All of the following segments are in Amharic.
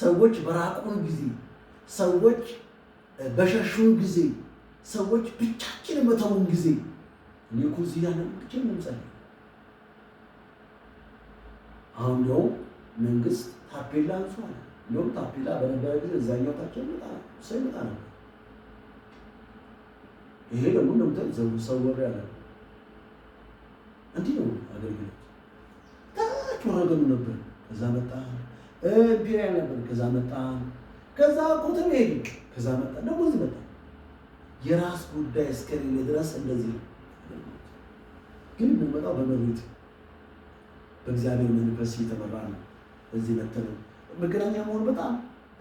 ሰዎች በራቁን ጊዜ፣ ሰዎች በሸሹን ጊዜ፣ ሰዎች ብቻችን በተውን ጊዜ እኔ እኮ እዚህ ያለ ብቻ ነው የምጸልየው። አሁን ደው መንግስት ታፔላ አንሷል። እንደውም ታፔላ በነበረ ጊዜ እዛኛው ታቸው ይመጣ ሰው ይመጣ ነበር። ይሄ ደግሞ እንደምታይ ዘው ሰው ወር ያለ እንዲህ ነው አገልግሎት ታች ወረገኑ ነበር። እዛ መጣ ኢምፔሪያል ነበር። ከዛ መጣ፣ ከዛ ኮተቤ ሄዱ፣ ከዛ መጣ፣ ደግሞ እዚህ መጣ። የራስ ጉዳይ እስከሌለ ድረስ እንደዚህ ግን የምንመጣው በመሪት በእግዚአብሔር መንፈስ እየተመራ ነው። እዚህ መተለ መገናኛ መሆን በጣም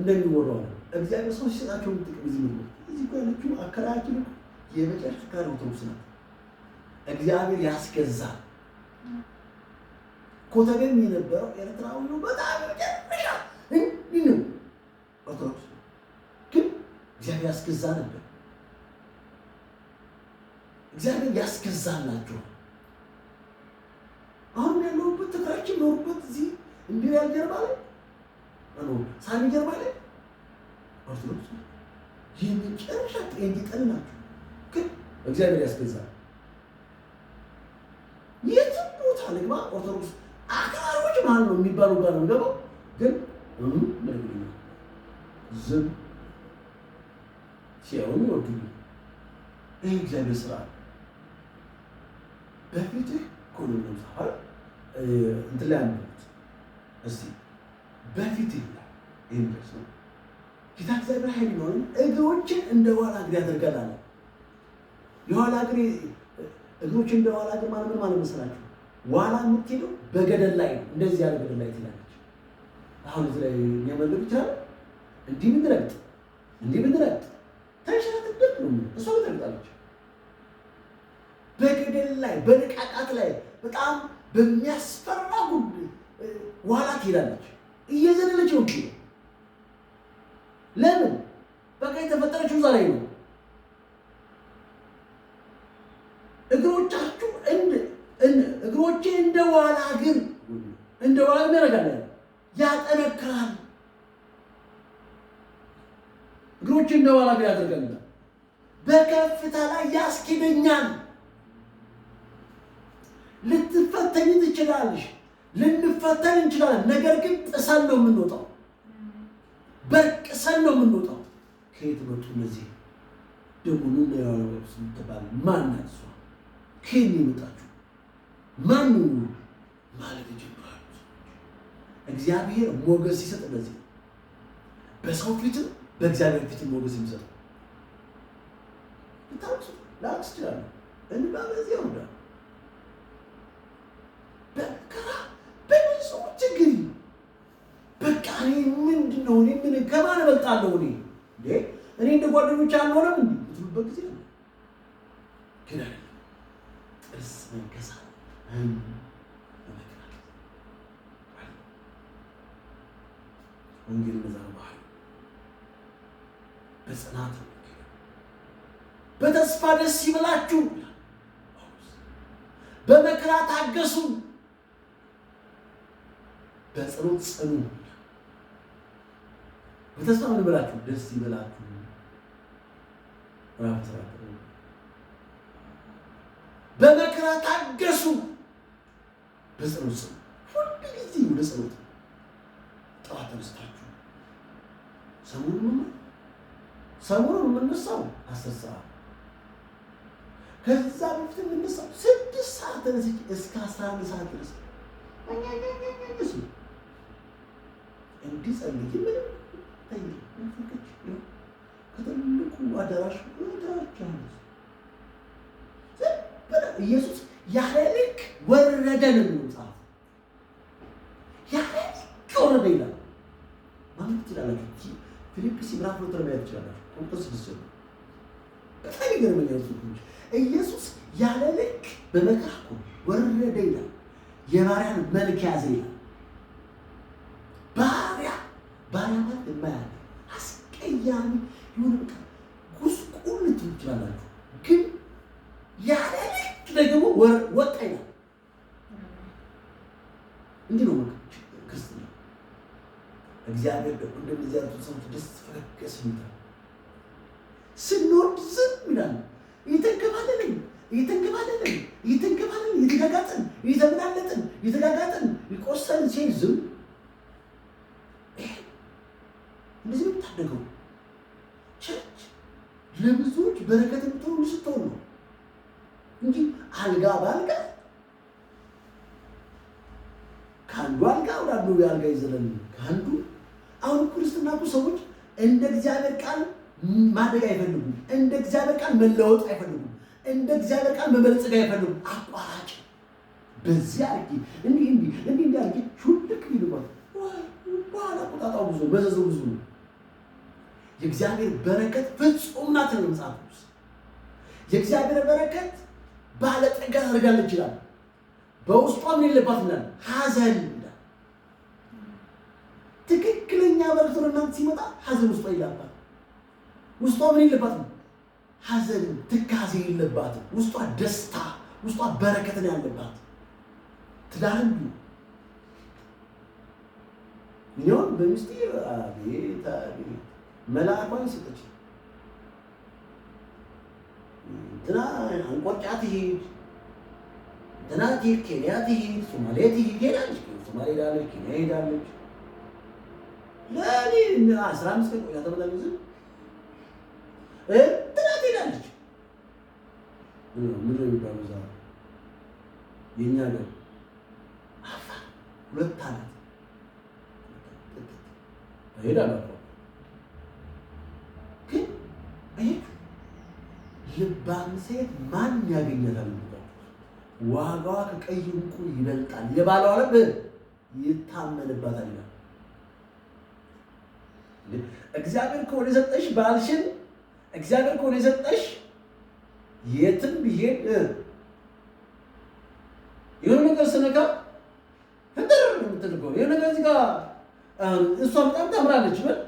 እንደሚወራው እግዚአብሔር ሰዎች ሲሰጣቸውን ጥቅም እዚህ ምድ እዚህ እኮ አከራያችን የመጨረሻ ጋር አውቶቡስ ናት። እግዚአብሔር ያስገዛል። ኮተቤም የነበረው ኤርትራዊ ነው በጣም ወቶት ግን እግዚአብሔር ያስገዛ ነበር። እግዚአብሔር ያስገዛላችሁ። አሁን ያለሁበት ትግራችን ኖርበት እዚህ እንዲሁ ያልጀርባ ላይ ሳሚ ጀርባ ላይ ኦርቶዶክስ የመጨረሻ ጤንት ጠልናችሁ ግን እግዚአብሔር ያስገዛል። የትም ቦታ ልግባ ኦርቶዶክስ አክራሪዎች ማለት ነው የሚባሉ ጋር ነው ደግሞ ግን ምንም ምንም ዝም ሲያዩን ይወዱኛል። እግዚአብሔር ስራ በፊትህ ኮሎኖም ሳል እንትን ላይ አንዱት እስቲ በፊትህ ይላል። ይህን ደርስ ነው ጌታ እግዚአብሔር ኃይል ቢሆንም እግሮችን እንደ ኋላ እግር ያደርጋል አለ። የኋላ እግር እግሮችን እንደ ኋላ እግር ማለት ምን ማለት መሰላችሁ? ዋላ የምትሄደው በገደል ላይ ነው። እንደዚህ ያለ ገደል ላይ ትላለች። አሁን እዚህ ላይ የሚያመልክ ይችላል እንዲህ ብትረግጥ እንዲህ ብትረግጥ ተንሸራትበት ነው እሷ ትረግጣለች። በገደል ላይ በነቃቃት ላይ በጣም በሚያስፈራ ጉድ ዋላ ትሄዳለች። እየዘለለች ነው። ለምን በቃ የተፈጠረችው እዛ ላይ ነው። እግሮቻችሁ እግሮቼ እንደ ዋላ ግን እንደ ዋላ ያደርጋል፣ ያጠነክራል ልጆች እንደ ዋላ ያደርገናል። በከፍታ ላይ ያስኪደኛል። ልትፈተኝ ትችላለሽ፣ ልንፈተን እንችላለን። ነገር ግን ጥሰን ነው የምንወጣው፣ በርቅሰን ነው የምንወጣው። ከየት መጡ እነዚህ ደግሞ ንለዋለስ የምትባል ማን እሷ ከየት የመጣችሁ ማን ማለት ጀምራሉ። እግዚአብሔር ሞገስ ሲሰጥ እነዚህ በሰው ፊትም በእግዚአብሔር ፊት ሞገስ የሚሰጠው ብታቅሱ ላቅስ ይችላሉ። እንባ በዚያ ሁዳ በከራ በብዙ ችግር በቃ እኔ ምንድን ነው እኔ ምን ከማን እበልጣለሁ እኔ እንዴ እኔ እንደ ጓደኞች አልሆነም እንዲ ትሉበት ጊዜ ነው። ግን አለ ጥርስ መንከሳ ወንጌል ነዛ ባህል በጽናት በተስፋ ደስ ይበላችሁ፣ በመከራ ታገሱ፣ በጸሎት ጽኑ። በተስፋ ምን ብላችሁ ደስ ይበላችሁ። በመከራ ታገሱ፣ በጸሎት ጽኑ። ሁልጊዜ ወደ ጸሎት ጠዋት ተነስታችሁ ሰሙኑን ሰሞኑን የምንሳው አስር ሰዓት ከዛ በፊት የምንሳው ስድስት ሰዓት ተነስቼ እስከ አስራ አንድ ሰዓት ድረስ እንዲጸልይ ምንም ከትልቁ አዳራሽ ኢየሱስ ያለ ልክ ወረደ ነው መጽሐፍ ፊልጵስ ምዕራፍ ሁለት ላይ ማየት ይችላል። ቁጥር ስድስት በጣም ይገርመኛል። ኢየሱስ ያለ ልክ በመካኩ ወረደ ይላል። የባሪያን መልክ ያዘ ይላል። ባሪያ ባሪያ ማለት የማያለ አስቀያሚ የሆነ በቃ ጉስቁል ትችላላችሁ፣ ግን ያለ ልክ ደግሞ ወጣ ይላል ያሉት ሰዎች ደስ ፈረገስ ይላል። ስንወድ ዝም ይላል። እየተንከባለልን እየተንከባለልን እየተንከባለልን እየተጋጋጥን እየተመላለጥን እየተጋጋጥን ይቆሰልን ሲል ዝም እንደዚህ የምታደገው ቸርች ለብዙዎች በረከት የምትሆኑ ስትሆን ነው እንጂ አልጋ በአልጋ ከአንዱ አልጋ ወደ አንዱ የአልጋ ይዘለን እንደ እግዚአብሔር ቃል ማደግ አይፈልጉም። እንደ እግዚአብሔር ቃል መለወጥ አይፈልጉም። እንደ እግዚአብሔር ቃል መበልጸግ አይፈልጉም። አቋራጭ በዚያ አድርጊ እንዲህ እንዲህ እንዲህ እንዲህ አድርጊ ሹልክ ይልቋል። በኋላ ቁጣጣው ብዙ በዘዘ ብዙ ነው። የእግዚአብሔር በረከት ፍጹም ናት ነው መጽሐፍ ቅዱስ። የእግዚአብሔር በረከት ባለጠጋ አድርጋለች ይላል። በውስጧ ምን የለባት ይላል ሐዘን መልእክቱ ለእናንተ ሲመጣ ሐዘን ውስጧ ይላባል። ውስጧ ምን የለባትም? ሐዘን ትካዜ የለባትም። ውስጧ ደስታ፣ ውስጧ በረከት ነው ያለባት። ትዳርም ሚሊዮን በሚስቴ አቤት አቤት መልአኳን ሰጠች እንትና አንቆጫ ትሄድ እንትና ትሄድ ኬንያ ትሄድ ሶማሌ ትሄድ ሄዳለች ሶማሌ ሄዳለች ኬንያ ሄዳለች ለእኔ አስራ አምስት ቀን ቆይታ ሄዳለች። ምንድን ነው የሚባለው እዛ የእኛ ሁለት ልባም ሴት ማን ያገኛታል? ዋጋዋ ከቀይ ዕንቁ ይበልጣል። የባለዋለብ ይታመንባታል። እግዚአብሔር ከሆነ የሰጠሽ ባልሽን እግዚአብሔር ከሆነ የሰጠሽ የትም ቢሄድ የሆነ ነገር ስነካ ፍጥር የምትልገው የሆነ ነገር እዚህ ጋር እሷ በጣም ታምራለች ብል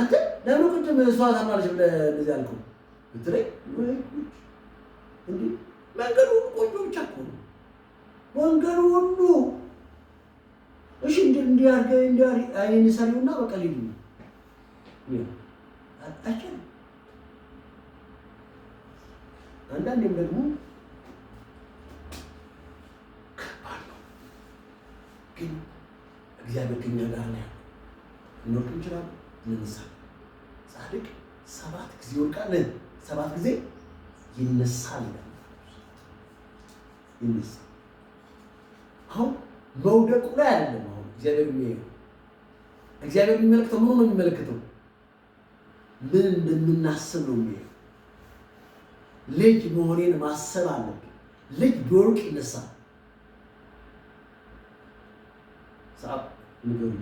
አንተ ለምን ቅድም እሷ ታምራለች ብለህ እንደዚህ አልኩ ብትለኝ እንዲህ መንገዱ ሁሉ ቆንጆ ብቻ እኮ ነው መንገዱ ሁሉ እሺ እንዲያርገ አድርገህ አይን ሰሪውና በቃ ሊሉ አጣችን። አንዳንዴም ደግሞ ከባድ ነው፣ ግን እግዚአብሔር ግን ጋር ነው። እንወድቅ እንችላለን፣ እንነሳለን። ጻድቅ ሰባት ጊዜ ይወድቃል፣ ሰባት ጊዜ ይነሳል። ይነሳል አሁን መውደቁ ላይ አይደለም እግዚአብሔር የሚያዩ እግዚአብሔር የሚመለከተው ምኑ ነው የሚመለከተው? ምን እንደምናስብ ነው ልጅ መሆኔን ማሰብ አለብኝ። ልጅ ቢወርቅ ይነሳል። ሰዓት ንገሩ።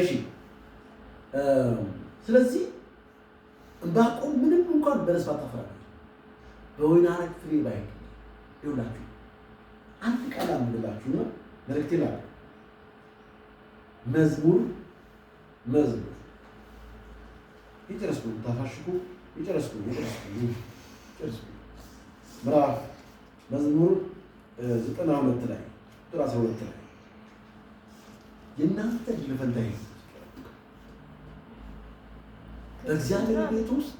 እሺ፣ ስለዚህ ዕንባቆም ምንም እንኳን በለስ ባታፈራ በወይን አረግ ፍሬ ባይ ይውላችሁ አንድ ቃል አንብላችሁና መልእክት ይላል መዝሙር መዝሙር ይጨርስኩ ታፋሽኩ ይጨርስኩ ይጨርስኩ ይጨርስኩ ምዕራፍ መዝሙር ዘጠና ሁለት ላይ ቁጥር አስራ ሁለት ላይ የእናንተ ለፈንታይ በእግዚአብሔር ቤት ውስጥ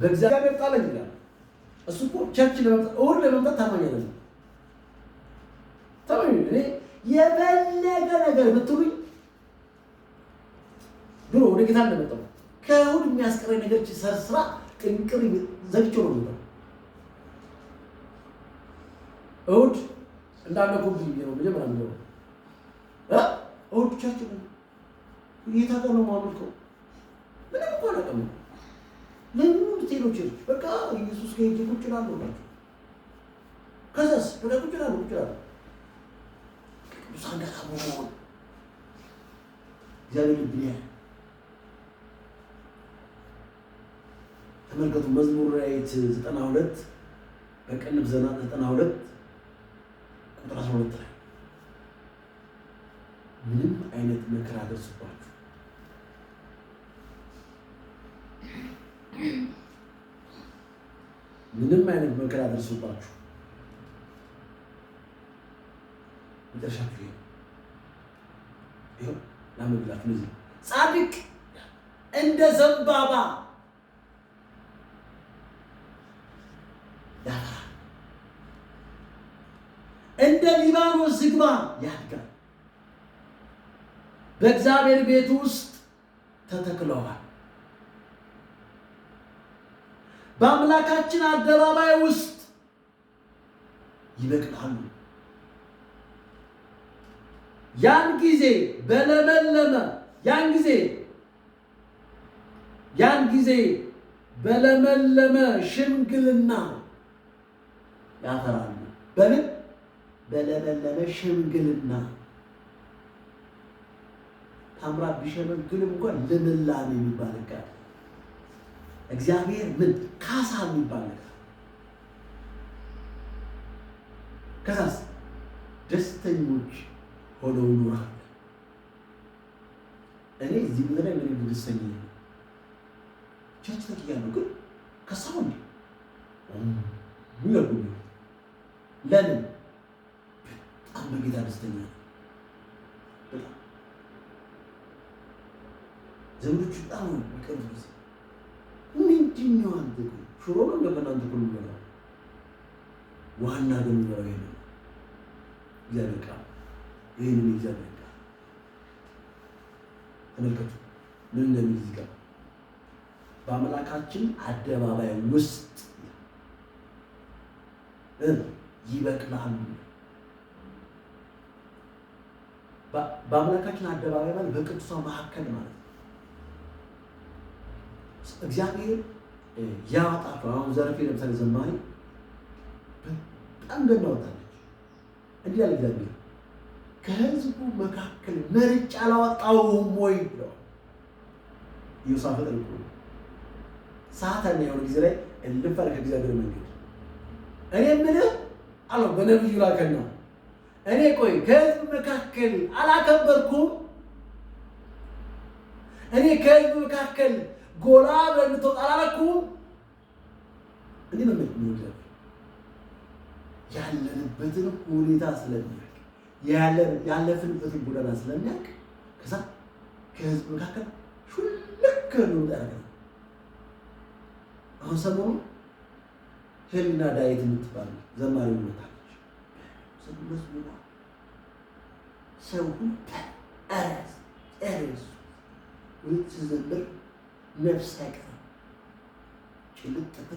በእግዚአብሔር ጣለኝ ይላል እሱ እኮ ቸርች ለመምጣት እሁድ ለመምጣት ታማኝ አይደለም። ታማኝ እኔ የፈለገ ነገር ብትሉኝ ድሮ ወደ ጌታ እንደመጣሁ ከእሁድ የሚያስቀረኝ ነገር ሰርስራ ቅንቅር ዘግቼው ነው የሚለው እሁድ እንዳለኩብ ነው መጀመሪያ የሚለው እሁድ ቸርች ጌታ ጋር ነው የማመልከው ምንም እኮ አላውቅም ለምን ቴሎች በቃ ኢየሱስ ቁጭ ላሉ ናቸው። ከዛስ ቁጭ ላሉ ቁጭ ላሉ መሆን እግዚአብሔር ልብን ተመልከቱ። መዝሙር ዘጠና ሁለት ዘጠና ሁለት ቁጥር አስራ ሁለት ላይ ምንም አይነት መከራ ደርስባችሁ ምንም አይነት መከራ ደርሶባችሁ መጨረሻ ይሄ ይኸው ላመብላችሁ ለዚህ ጻድቅ እንደ ዘንባባ ያፈራል፣ እንደ ሊባኖስ ዝግባ ያድጋል። በእግዚአብሔር ቤት ውስጥ ተተክለዋል። በአምላካችን አደባባይ ውስጥ ይበቅላሉ። ያን ጊዜ በለመለመ ያን ጊዜ ያን ጊዜ በለመለመ ሽምግልና ያፈራሉ። በምን በለመለመ ሽምግልና ታምራት ቢሸመግልም እንኳን ልምላሜ የሚባል እግዚአብሔር ምን ካሳ የሚባል ነገር ከዛስ ደስተኞች ሆነው ኑራል። እኔ እዚህ ምድር ላይ ምን ደስተኛ ቸርች ተክያለሁ፣ ግን ከሰው እንዲ ለምን ዋና ግንባው ይሄ ነው። እግዚአብሔር ቃል ይህን እግዚአብሔር ቃል ተመልከቱ ምን እንደሚል እዚህ ጋር በአምላካችን አደባባይ ውስጥ ይበቅላሉ። በአምላካችን አደባባይ ማለት በቅዱሳን መካከል ማለት ነው። እግዚአብሔር ያወጣቸው አሁን ዘርፌ ለምሳሌ ዘማሪ በጣም ገና ወጣለች። እንዲህ ያለ እግዚአብሔር ከህዝቡ መካከል መርጬ አላወጣሁም ወይ ብለዋል። ዮሳፍጥ ልኩ ሰዓተኛ የሆነ ጊዜ ላይ እንድፈር ከእግዚአብሔር መንገድ እኔ ምንም አለው በነብዩ ላከና እኔ ቆይ ከህዝብ መካከል አላከበርኩም። እኔ ከህዝብ መካከል ጎላ በምትወጣ አላረኩም። እንዲህ ነው ምት ያለንበትን ሁኔታ ስለሚያውቅ ያለፍንበትን ጎዳና ስለሚያውቅ ከዛ ከህዝብ መካከል ሹልክ ልውጥ አሁን ሰሞኑ ህልና ዳዊት የምትባል ዘማሪ ወጣለች። ሰው ተረስ ተረስ ወይ ትዘምር ነፍስ አይቀርም ጭልጥ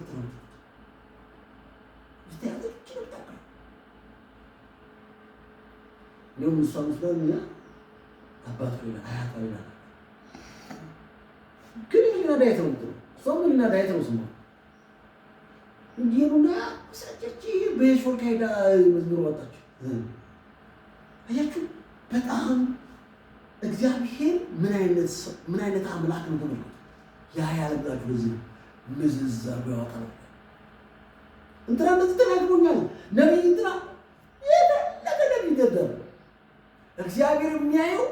እንዲሁም እሷ ምስለን አባት አያት ሆይ ግን ሊረዳ የተውምትነ እሷ ምን ሊረዳ የተው ስማ ሰጨች በሾል ካሄዳ መዝሙር ወጣች። አያችሁ በጣም እግዚአብሔር ምን አይነት አምላክ ነው ተመልከቱ። ያ ያለብላችሁ በዚህ ምዝዝ አርጎ ያወጣል። እንትና እንደዚህ ተናግሮኛል፣ ነቢይ እንትና የፈለገ ነቢይ እግዚአብሔር የሚያየው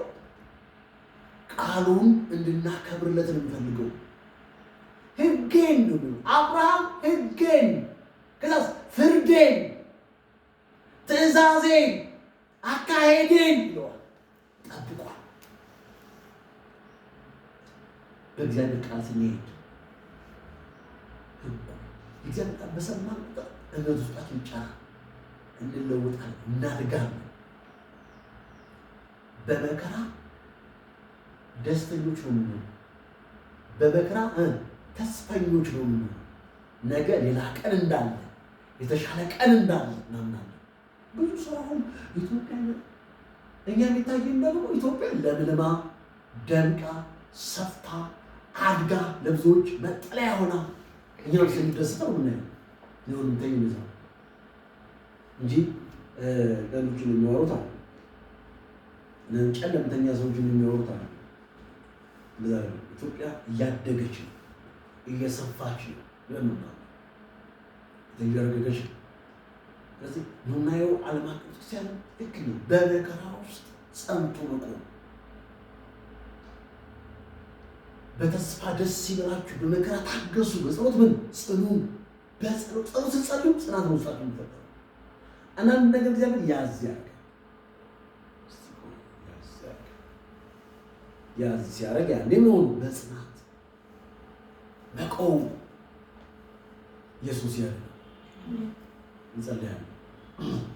ቃሉን እንድናከብርለት ነው የሚፈልገው። ህጌን ነው አብርሃም ህጌን፣ ከዛስ ፍርዴን፣ ትእዛዜን፣ አካሄዴን ይለዋል ጠብቋል። በእግዚአብሔር ቃል ስንሄድ እግዚአብሔር ቃል በሰማን ቁጥር እነዚህ ውስጣችን ጫ እንለውጣል፣ እናድጋለን። በመከራ ደስተኞች ነው የምንሆነው። በመከራ ተስፈኞች ነው ነገ ሌላ ቀን እንዳለ የተሻለ ቀን እንዳለ እናምናለን። ብዙ ሰው አሁን ኢትዮጵያ እኛ የሚታየን ደግሞ ኢትዮጵያ ለምልማ ደምቃ ሰፍታ አድጋ ለብዙዎች መጠለያ ሆና እኛዎች የሚደስተው ምን ነው ሊሆን እንትን ይመዛል እንጂ ለልጁ የሚያወሩት አለ ጨለምተኛ ሰዎች የሚያወሩት አለ። እንደዛ ነው። ኢትዮጵያ እያደገች ነው፣ እየሰፋች ነው። ለምን እያደገች ነው? ስለዚህ የምናየው ዓለም አቀፍ ክርስቲያን ልክ ነው። በመከራ ውስጥ ጸንቶ መቆም በተስፋ ደስ ይበላችሁ፣ በመከራ ታገሱ፣ በጸሎት ምን ጽኑ። በጸሎት ጸሎት ስትጸልዩ ጽናት ነው ውስጣችሁ የሚፈጠረው። አንዳንድ ነገር እግዚአብሔር ያዝ ያደርግ ያዝ ሲያደርግ ያኔ መሆኑ በጽናት መቆም ኢየሱስ ያለ እንጸልያለን።